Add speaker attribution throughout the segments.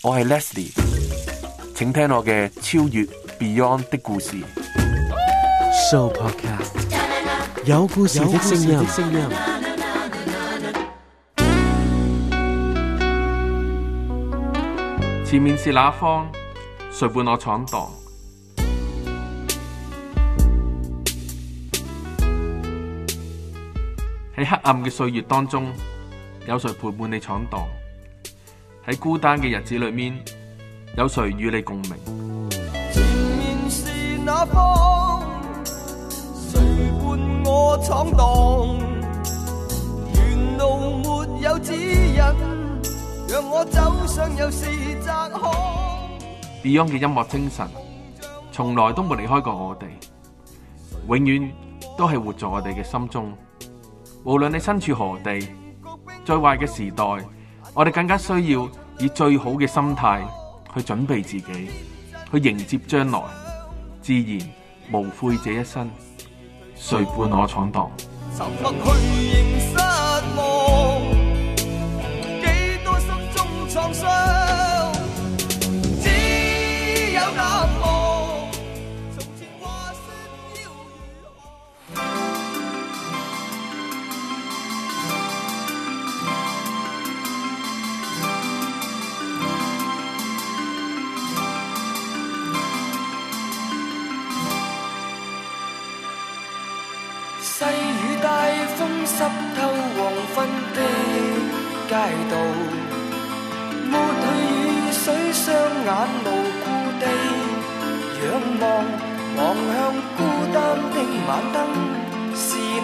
Speaker 1: 我係 Leslie，請聽我嘅超越 Beyond 的故事
Speaker 2: Show Podcast 有故事的聲音。前
Speaker 1: 面是哪方？誰伴我闖蕩？喺黑暗嘅歲月當中，有誰陪伴你闖蕩？喺孤單嘅日子裏面，有誰與你共鳴？
Speaker 2: 前面是哪方？誰伴我闖蕩？沿路沒有指引，若我走上又是窄巷。
Speaker 1: Beyond 嘅音樂精神，從來都冇離開過我哋，永遠都係活在我哋嘅心中。無論你身處何地，最壞嘅時代。我哋更加需要以最好嘅心態去準備自己，去迎接將來。自然無悔這一生。誰伴我闖蕩？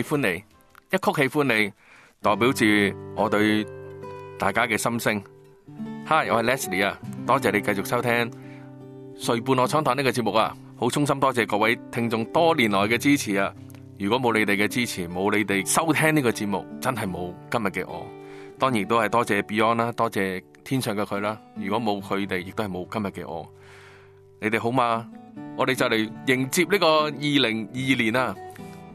Speaker 1: 喜歡你一曲喜歡你，代表住我對大家嘅心聲。Hi，我係 Leslie 啊，多謝你繼續收聽《誰伴我闖蕩》呢個節目啊，好衷心多謝各位聽眾多年來嘅支持啊！如果冇你哋嘅支持，冇你哋收聽呢個節目，真係冇今日嘅我。當然都係多謝 Beyond 啦，多謝天上嘅佢啦。如果冇佢哋，亦都係冇今日嘅我。你哋好嗎？我哋就嚟迎接呢個二零二二年啦！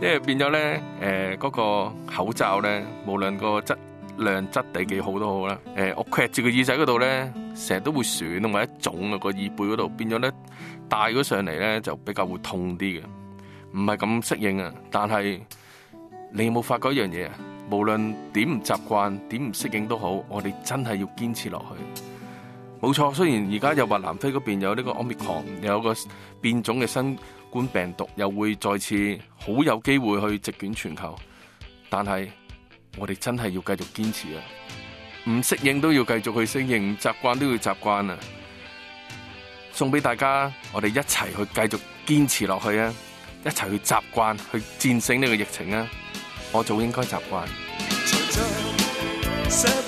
Speaker 1: 因為變咗咧，誒、呃，嗰，那個口罩咧，無論個質量質地幾好都好啦，誒、呃，我夾住個耳仔嗰度咧，成日都會損同埋腫啊，或者腫，那個耳背嗰度變咗咧，戴咗上嚟咧就比較會痛啲嘅，唔係咁適應啊。但係你有冇發覺一樣嘢啊？無論點唔習慣，點唔適應都好，我哋真係要堅持落去。冇錯，雖然而家又話南非嗰邊有呢個 omicron，有個變種嘅新。冠病毒，又會再次好有機會去席捲全球，但係我哋真係要繼續堅持啊！唔適應都要繼續去適應，唔習慣都要習慣啊！送俾大家，我哋一齊去繼續堅持落去啊！一齊去習慣去戰勝呢個疫情啊！我早應該習慣。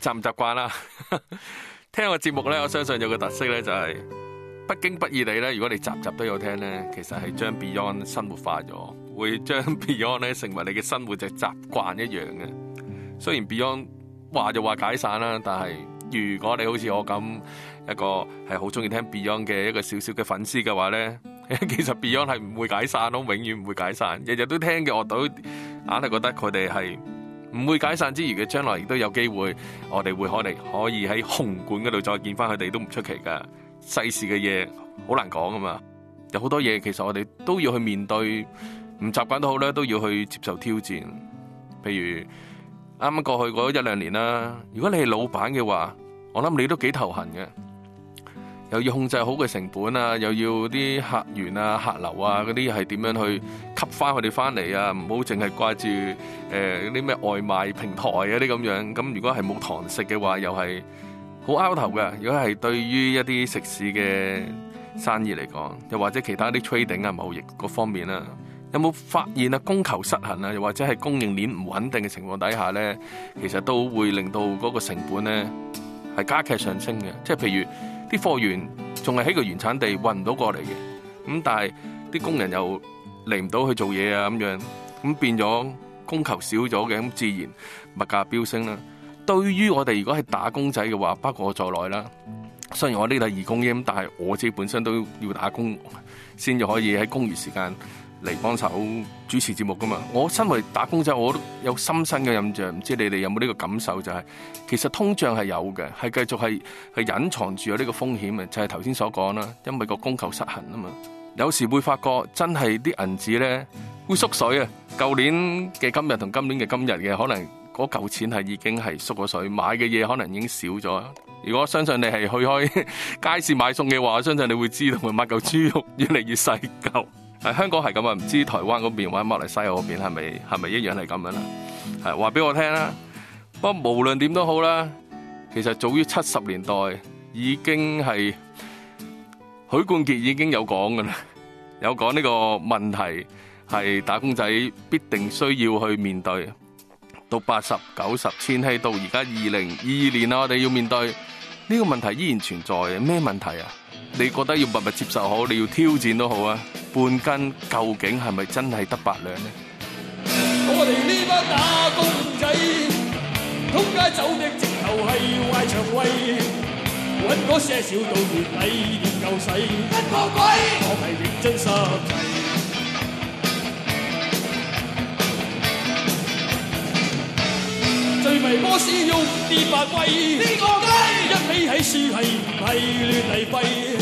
Speaker 1: 習唔習慣啦？習習啊、 聽個節目咧，我相信有個特色咧，就係不經不意地咧。如果你集集都有聽咧，其實係將 Beyond 生活化咗，會將 Beyond 咧成為你嘅生活嘅習慣一樣嘅。雖然 Beyond 話就話解散啦，但係如果你好似我咁一個係好中意聽 Beyond 嘅一個小小嘅粉絲嘅話咧，其實 Beyond 係唔會解散咯，永遠唔會解散，日日都聽嘅，樂隊。硬係覺得佢哋係唔會解散之餘嘅，將來亦都有機會，我哋會可能可以喺紅館嗰度再見翻佢哋都唔出奇噶。世事嘅嘢好難講㗎嘛，有好多嘢其實我哋都要去面對，唔習慣都好咧，都要去接受挑戰。譬如啱啱過去嗰一兩年啦，如果你係老闆嘅話，我諗你都幾頭痕嘅。又要控制好嘅成本啊，又要啲客源啊、客流啊嗰啲係點樣去吸翻佢哋翻嚟啊？唔好淨係掛住誒嗰啲咩外賣平台嗰啲咁樣。咁如果係冇堂食嘅話，又係好 out 頭嘅。如果係對於一啲食肆嘅生意嚟講，又或者其他啲 trading 啊、貿易嗰、啊啊、方面啊，有冇發現啊供求失衡啊？又或者係供應鏈唔穩定嘅情況底下咧，其實都會令到嗰個成本咧係加劇上升嘅。即係譬如。啲貨源仲係喺個原產地運唔到過嚟嘅，咁但係啲工人又嚟唔到去做嘢啊咁樣，咁變咗供求少咗嘅，咁自然物價飆升啦。對於我哋如果係打工仔嘅話，包括我在內啦。雖然我呢度係義工嘅，咁但係我自己本身都要打工先至可以喺工餘時間，嚟幫手主持節目㗎嘛？我身為打工仔，我都有深深嘅印象。唔知你哋有冇呢個感受？就係其實通脹係有嘅，係繼續係係隱藏住有呢個風險嘅，就係頭先所講啦。因為個供求失衡啊嘛，有時會發覺真係啲銀紙咧會縮水啊！舊年嘅今日同今年嘅今日嘅，可能嗰嚿錢係已經係縮咗水，買嘅嘢可能已經少咗。如果相信你係去開街市買餸嘅話，相信你會知道，買嚿豬肉越嚟越細嚿。香港是這樣，不知道台灣嗰邊或者馬來西亞那邊是,是,是不是一樣是這樣的係話俾我聽啦。不過無論點都好啦，其實早於七十年代已經是許冠傑已經有講嘅啦，有講這個問題是打工仔必定需要去面對。到八十九十、千禧到現在二零二二年啦，我們要面對這個問題依然存在，什麼問題啊？你覺得要默默接受好，你要挑戰都好啊。半斤究竟係咪真係得八兩呢？
Speaker 2: 我哋呢班打工仔，通街走嘅直頭係壞腸胃，揾嗰些少到月底點夠使？邊個鬼？我係認真實際，最迷波士要跌八貴，呢個雞一起喺輸係係亂嚟廢。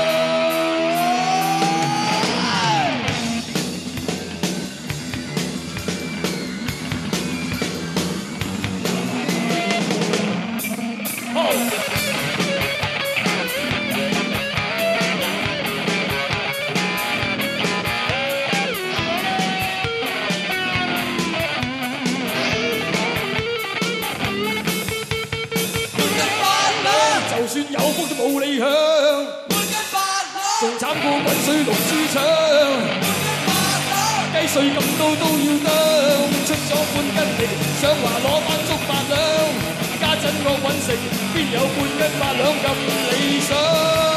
Speaker 2: 滾水龍珠搶，雞碎咁多都要當，出咗半斤力，想話攞翻足八兩，家陣我滾成，邊有半斤八兩咁理想？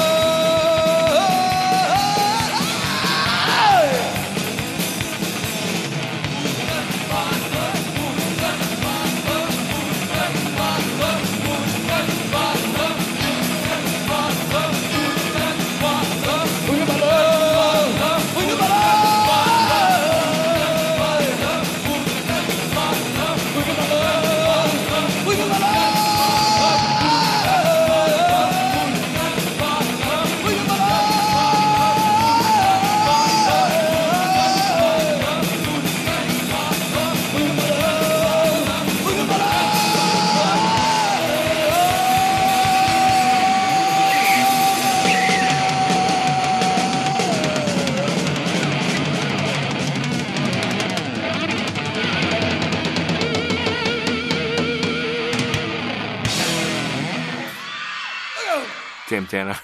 Speaker 1: 正啦，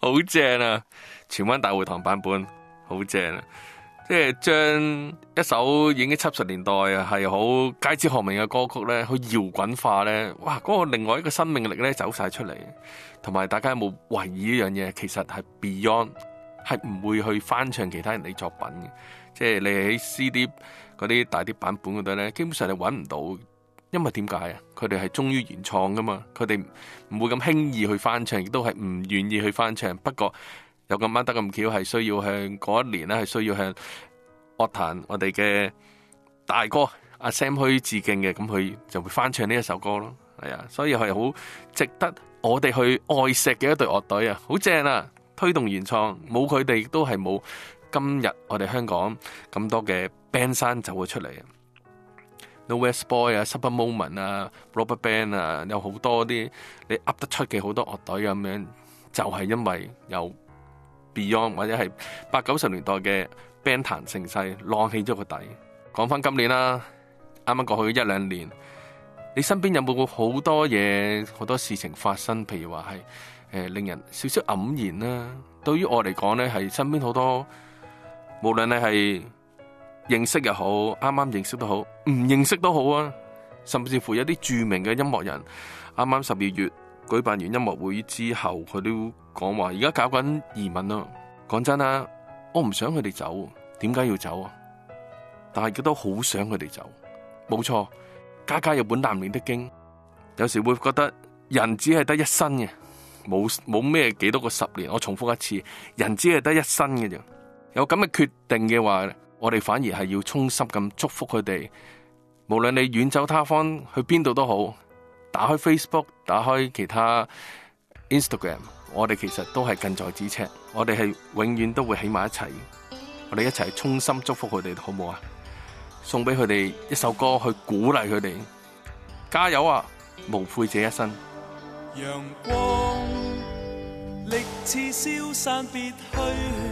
Speaker 1: 好正啊！荃灣大會堂版本好正啊，即係將一首已經七十年代係好街知巷聞嘅歌曲咧，去搖滾化咧，哇！嗰個另外一個生命力咧，走晒出嚟。同埋，大家有冇懷疑呢樣嘢？其實係 Beyond 係唔會去翻唱其他人哋作品嘅，即係你喺 CD 嗰啲大啲版本嗰度咧，基本上你搵唔到。因為點解啊？佢哋係忠於原創㗎嘛，佢哋唔會咁輕易去翻唱，亦都係唔願意去翻唱。不過有咁啱得咁巧，係需要向嗰一年咧，係需要向樂壇我哋嘅大哥阿 Sam 去致敬嘅，咁佢就會翻唱呢一首歌咯。係啊，所以係好值得我哋去愛錫嘅一隊樂隊啊，好正啊！推動原創，冇佢哋都係冇今日我哋香港咁多嘅 band 山走咗出嚟。No、West Boy 啊，Super Moment 啊，Robert Band 啊，有好多啲你噏得出嘅好多樂隊咁樣，就係、是、因為有 Beyond 或者係八九十年代嘅 Band 壇盛世浪起咗個底。講翻今年啦，啱啱過去一兩年，你身邊有冇好多嘢，好多事情發生？譬如話係誒，令人少少黯然啦。對於我嚟講咧，係身邊好多，無論你係。認識又好，啱啱認識都好，唔認識都好啊。甚至乎有啲著名嘅音樂人，啱啱十二月舉辦完音樂會之後，佢都講話而家搞緊移民囉。講真啊，我唔想佢哋走，點解要走啊？但係亦都好想佢哋走，冇錯。家家有本難念的經，有時會覺得人只係得一生嘅，冇冇咩幾多個十年。我重複一次，人只係得一生嘅啫，有咁嘅決定嘅話。我哋反而係要衷心咁祝福佢哋。無論你遠走他方去邊度都好，打開 Facebook，打開其他 Instagram，我哋其實都係近在咫尺。我哋係永遠都會喺埋一齊。我哋一齊衷心祝福佢哋，好唔好啊？送俾佢哋一首歌去鼓勵佢哋，加油啊！無悔這一生。
Speaker 2: 陽光裡似消散別去。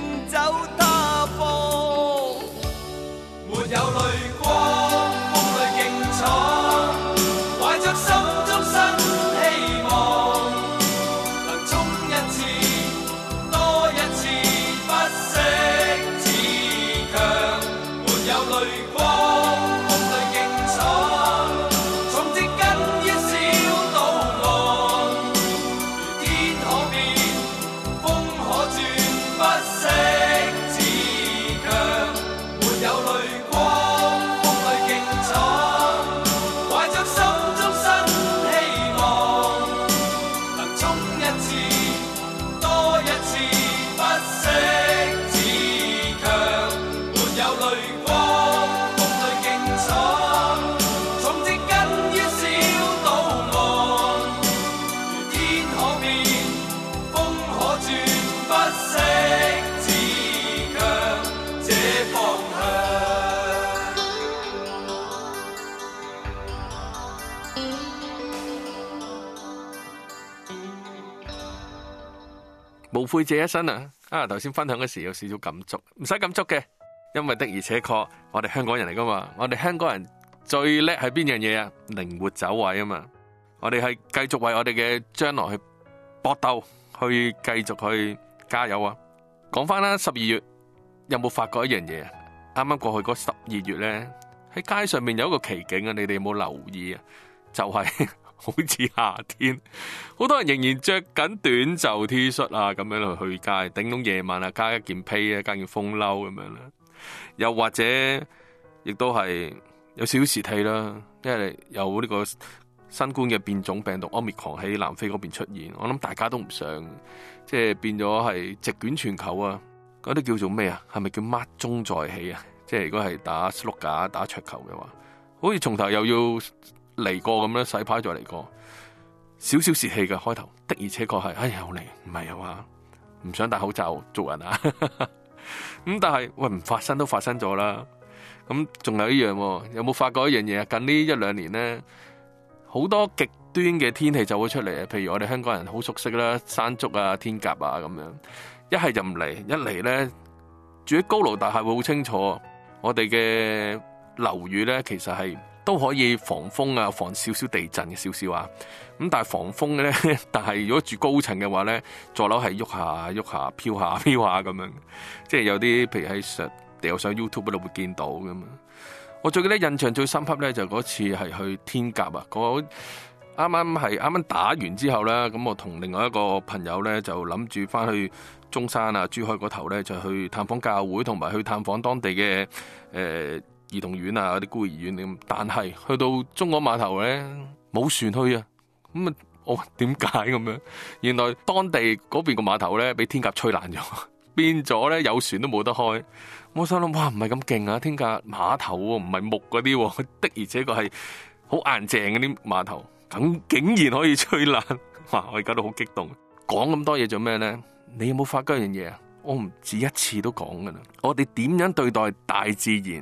Speaker 1: 背借一身啊！啊，頭先分享嗰時有少少感觸，唔使感觸嘅，因為的而且確，我哋香港人嚟噶嘛，我哋香港人最叻係邊樣嘢啊？靈活走位啊嘛！我哋係繼續為我哋嘅將來去搏鬥，去繼續去加油啊！講返啦，十二月有冇發覺一樣嘢啊？啱啱過去嗰十二月咧，喺街上面有一個奇景啊！你哋有冇留意啊？就係。好似夏天，好多人仍然着緊短袖 T 恤啊，咁樣去去街。頂到夜晚啊，加一件披啊，加件風褸咁樣啦。又或者，亦都係有少少時氣啦，因為有呢個新冠嘅變種病毒 Omicron 喺南非嗰邊出現。我諗大家都唔想，即係變咗係席捲全球啊！嗰啲叫做咩啊？係咪叫乜中再起啊？即係如果係打士碌架、打桌球嘅話，好似從頭又要。嚟過咁樣，洗牌再嚟過，少少洩氣嘅開頭，的而且確係，哎呀，我嚟唔係又話唔想戴口罩做人啊，咁 但係喂，唔發生都發生咗啦，咁仲有一樣，哦、有冇發覺一樣嘢啊？近呢一兩年咧，好多極端嘅天氣就會出嚟啊，譬如我哋香港人好熟悉啦，山竹啊、天鴿啊咁樣，一係就唔嚟，一嚟咧住喺高樓大廈會好清楚，我哋嘅樓宇咧其實係。都可以防風啊，防少少地震嘅少少啊。咁但係防風嘅咧，但係如果住高層嘅話咧，座樓係喐下喐下，飄下飄下咁樣。即係有啲，譬如喺上我上 YouTube 嗰度會見到咁樣。我最記得印象最深刻咧，就嗰次係去天鴿啊，嗰啱啱係啱啱打完之後咧，咁我同另外一個朋友咧就諗住翻去中山啊、珠海嗰頭咧，就去探訪教會，同埋去探訪當地嘅誒。呃兒童院啊，啲孤兒院咁、啊，但係去到中港碼頭咧冇船去啊。咁啊，我點解咁樣？原來當地嗰邊個碼頭咧，俾天鴿吹爛咗，變咗咧有船都冇得開。我想諗，哇，唔係咁勁啊！天鴿碼頭喎、啊，唔係木嗰啲、啊，的而且確係好硬淨嗰啲碼頭，咁竟然可以吹爛哇！我而家都好激動。講咁多嘢做咩咧？你有冇發覺一樣嘢啊？我唔止一次都講噶啦，我哋點樣對待大自然？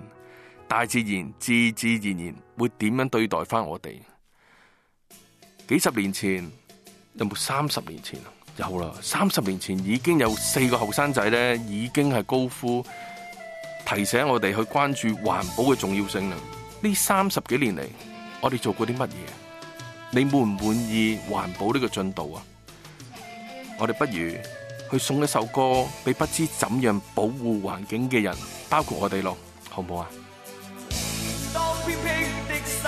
Speaker 1: 大自然自自然然會點樣對待返我哋？幾十年前有冇？三十年前有啦。三十年前已經有四個後生仔咧，已經係高呼提醒我哋去關注環保嘅重要性啦。呢三十幾年嚟，我哋做過啲乜嘢？你滿唔滿意環保呢個進度啊？我哋不如去送一首歌俾不知怎樣保護環境嘅人，包括我哋咯，好唔好啊？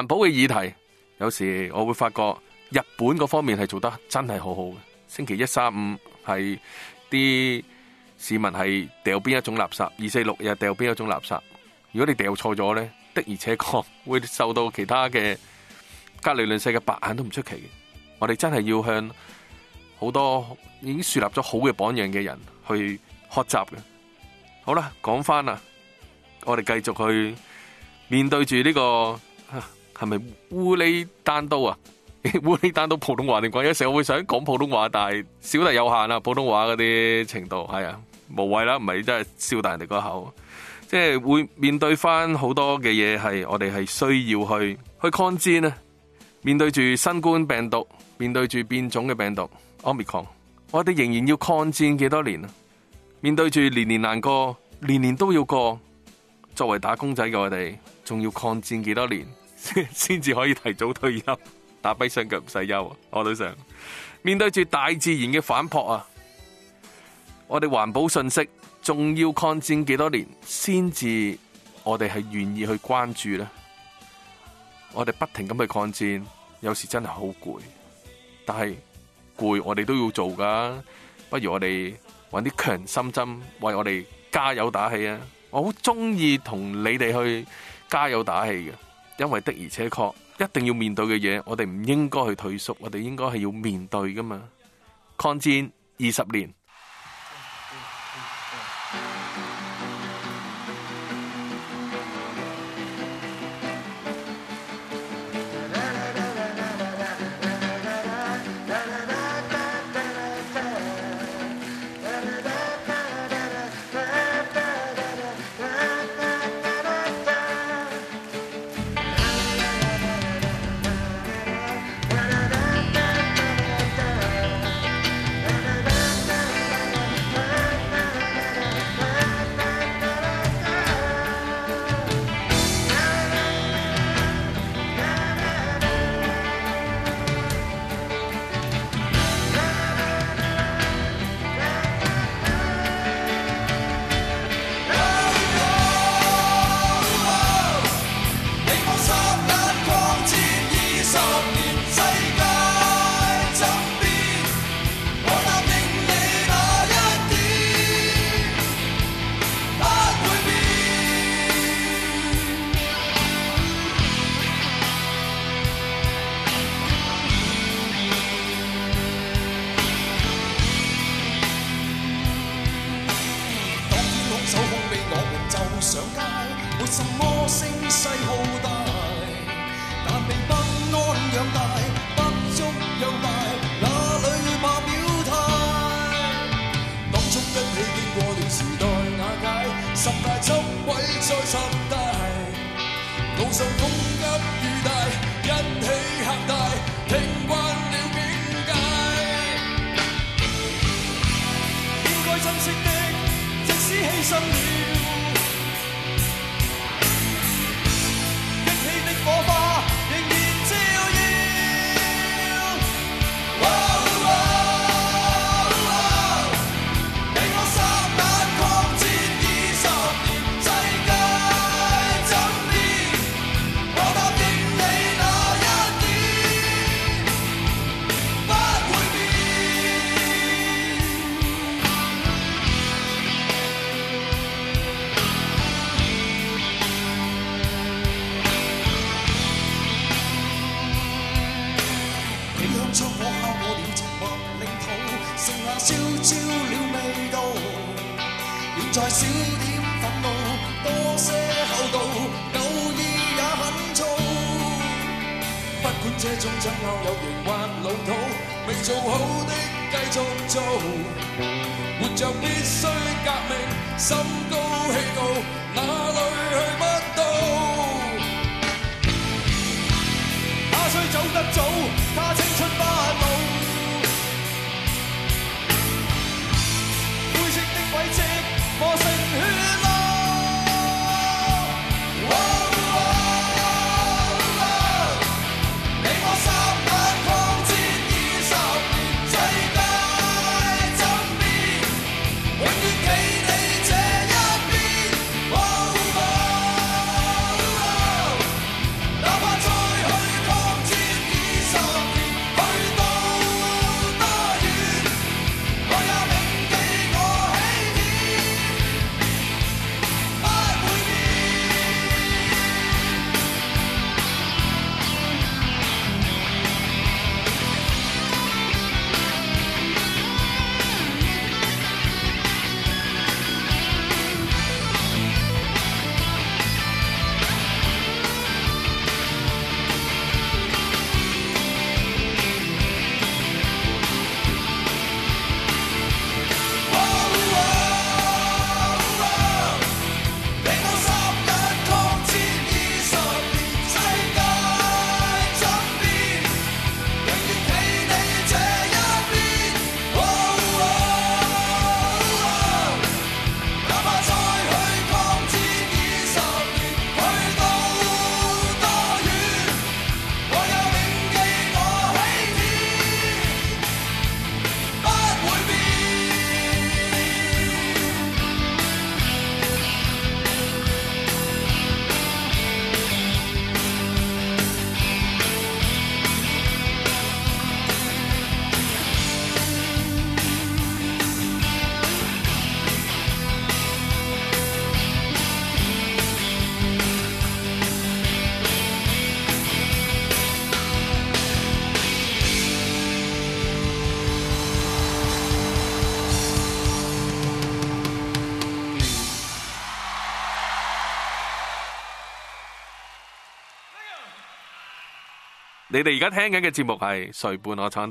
Speaker 1: 環保嘅議題，有時我會發覺日本嗰方面係做得真係好好嘅。星期一、三、五係啲市民係掉邊一種垃圾，二、四、六日掉邊一種垃圾。如果你掉錯咗咧，的而且確會受到其他嘅隔籬鄰舍嘅白眼都唔出奇嘅。我哋真係要向好多已經樹立咗好嘅榜樣嘅人去學習嘅。好啦，講翻啦，我哋繼續去面對住呢個。係咪烏哩單刀啊？烏哩單刀普通話你講？有時我常常會想講普通話，但係少得有限啦。普通話嗰啲程度係啊，無謂啦，唔係真係笑大人哋個口。即係會面對翻好多嘅嘢，係我哋係需要去去抗戰啊。面對住新冠病毒，面對住變種嘅病毒 omicron，我哋仍然要抗戰幾多年啊？面對住年年難過，年年都要過。作為打工仔嘅我哋，仲要抗戰幾多年？先至可以提早退休，打跛雙腳唔使憂。我都想面對住大自然嘅反撲啊！我哋環保信息仲要抗戰幾多年先至，我哋係願意去關注咧。我哋不停咁去抗戰，有時真係好攰，但係攰我哋都要做㗎。不如我哋揾啲強心針，為我哋加油打氣啊！我好中意同你哋去加油打氣嘅。因為的而且確，一定要面對嘅嘢，我哋唔應該去退縮，我哋應該係要面對嘅嘛。抗戰二十年。你哋而家聽緊嘅節目係《誰伴我闖蕩》，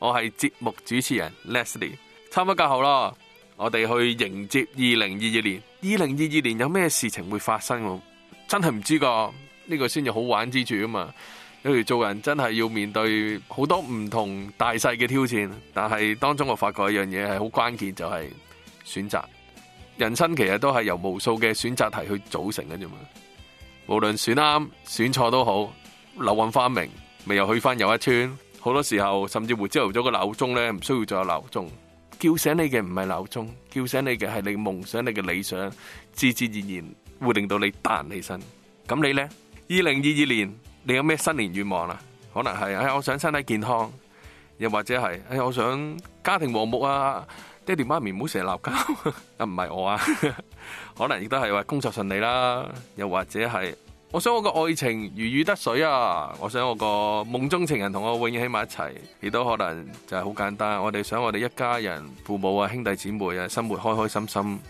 Speaker 1: 我係節目主持人 Leslie，差唔多夠好咯。我哋去迎接二零二二年，二零二二年有咩事情會發生？真係唔知㗎，呢個先至好玩之處啊嘛。有如做人真係要面對好多唔同大細嘅挑戰，但係當中我發覺一樣嘢係好關鍵，就係選擇。人生其實都係由無數嘅選擇題去組成嘅啫嘛。無論選啱選錯都好，柳暗花明。咪又去翻又一村，好多時候甚至乎朝頭早個鬧鐘咧，唔需要再有鬧鐘叫醒你嘅，唔係鬧鐘叫醒你嘅係你夢想、你嘅理想，自自然然會令到你彈起身。咁你咧？二零二二年你有咩新年願望啊？可能係哎，我想身體健康，又或者係哎，我想家庭和睦啊，爹哋媽咪唔好成日鬧交啊，唔係我啊，可能亦都係話工作順利啦，又或者係。我想我個愛情如魚得水啊！我想我個夢中情人同我永遠喺埋一齊，亦都可能就係好簡單。我哋想我哋一家人父母啊、兄弟姊妹啊，生活開開心心、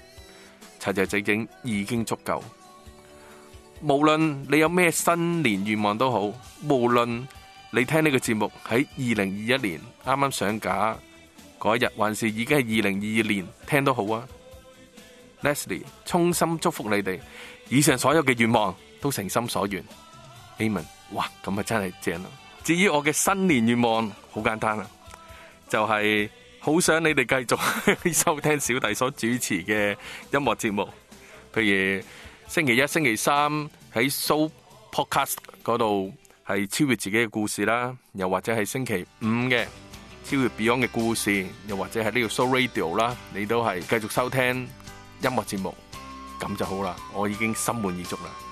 Speaker 1: 齊齊整整，已經足夠。無論你有咩新年願望都好，無論你聽呢個節目喺二零二一年啱啱上架嗰日，還是已經係二零二二年聽都好啊。 Leslie，衷心祝福你哋以上所有嘅願望。都誠心所願，Amen！哇，咁咪真係正咯。至於我嘅新年願望，好簡單啦，就係好想你哋繼續收聽小弟所主持嘅音樂節目，譬如星期一、星期三喺 Show Podcast 嗰度係超越自己嘅故事啦，又或者係星期五嘅超越 Beyond 嘅故事，又或者係呢個 Show Radio 啦，你都係繼續收聽音樂節目咁就好啦。我已經心滿意足啦。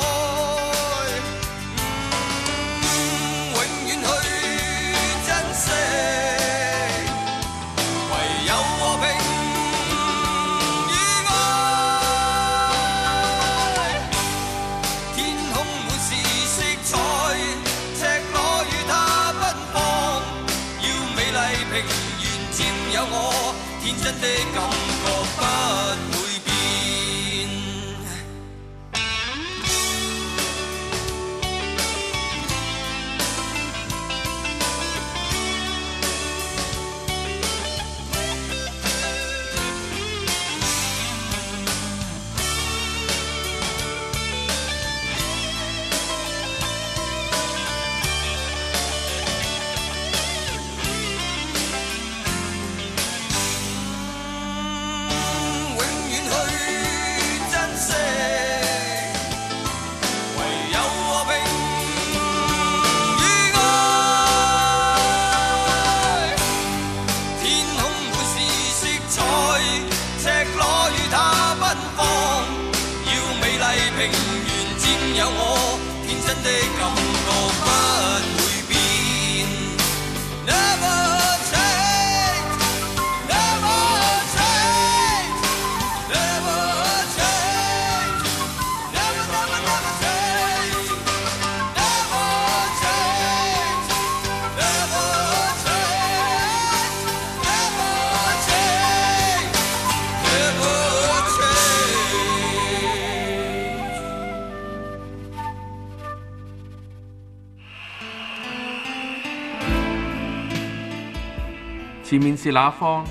Speaker 1: 前面是那方？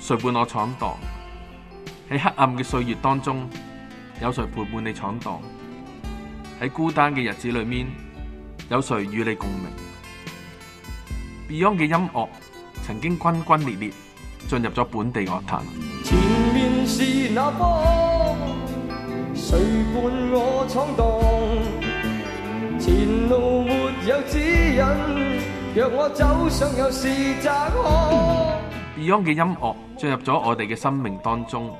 Speaker 1: 誰伴我闖蕩？喺黑暗嘅歲月當中，有誰陪伴你闖蕩？喺孤單嘅日子裏面，有誰與你共鳴？Beyond 嘅音樂曾經轟轟烈烈進入咗本地樂壇。
Speaker 2: 前面是那方？誰伴我闖蕩？前路沒有指引。讓我走上有
Speaker 1: 事站。Beyond 嘅音樂進入咗我哋嘅生命當中，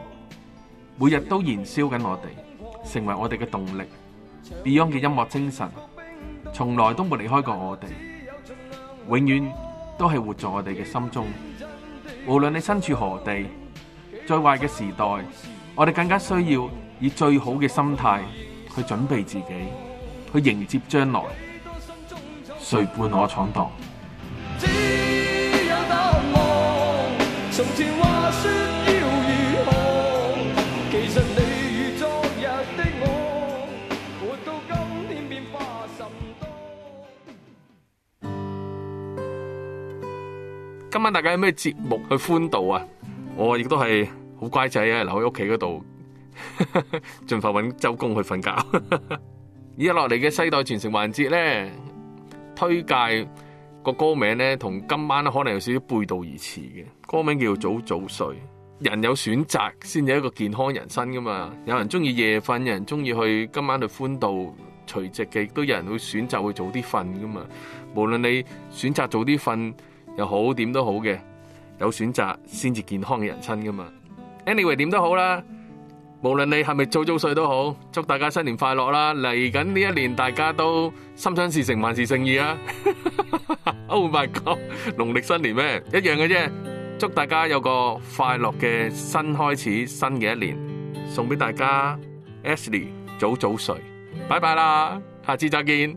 Speaker 1: 每日都燃燒緊我哋，成為我哋嘅動力。Beyond 嘅音樂精神從來都冇離開過我哋，永遠都係活在我哋嘅心中。無論你身處何地，最壞嘅時代，我哋更加需要以最好嘅心態去準備自己，去迎接將來。誰伴我闖蕩？
Speaker 2: 只有淡忘從前話說要如何？其實你與昨日的我，活到今天變化甚多。
Speaker 1: 今晚大家有咩節目去歡度啊？我亦都係好乖仔啊，留喺屋企嗰度，盡 快搵周公去瞓覺。而家落嚟嘅世代傳承環節咧。推介個歌名呢，同今晚可能有少少背道而馳嘅。歌名叫做早早睡，人有選擇先至一個健康人生噶嘛。有人鍾意夜瞓，有人鍾意去今晚去歡度除夕嘅，亦都有人會選擇會早啲瞓噶嘛。無論你選擇早啲瞓又好，點都好嘅，有選擇先至健康嘅人生噶嘛。Anyway，點都好啦。無論你係咪早早睡都好，祝大家新年快樂啦！嚟緊呢一年大家都心想事成萬事勝意啊！Oh my god，農曆新年咩，一樣嘅啫。祝大家有個快樂嘅新開始，新嘅一年，送俾大家，Ashley 早早睡，拜拜啦，下次再見。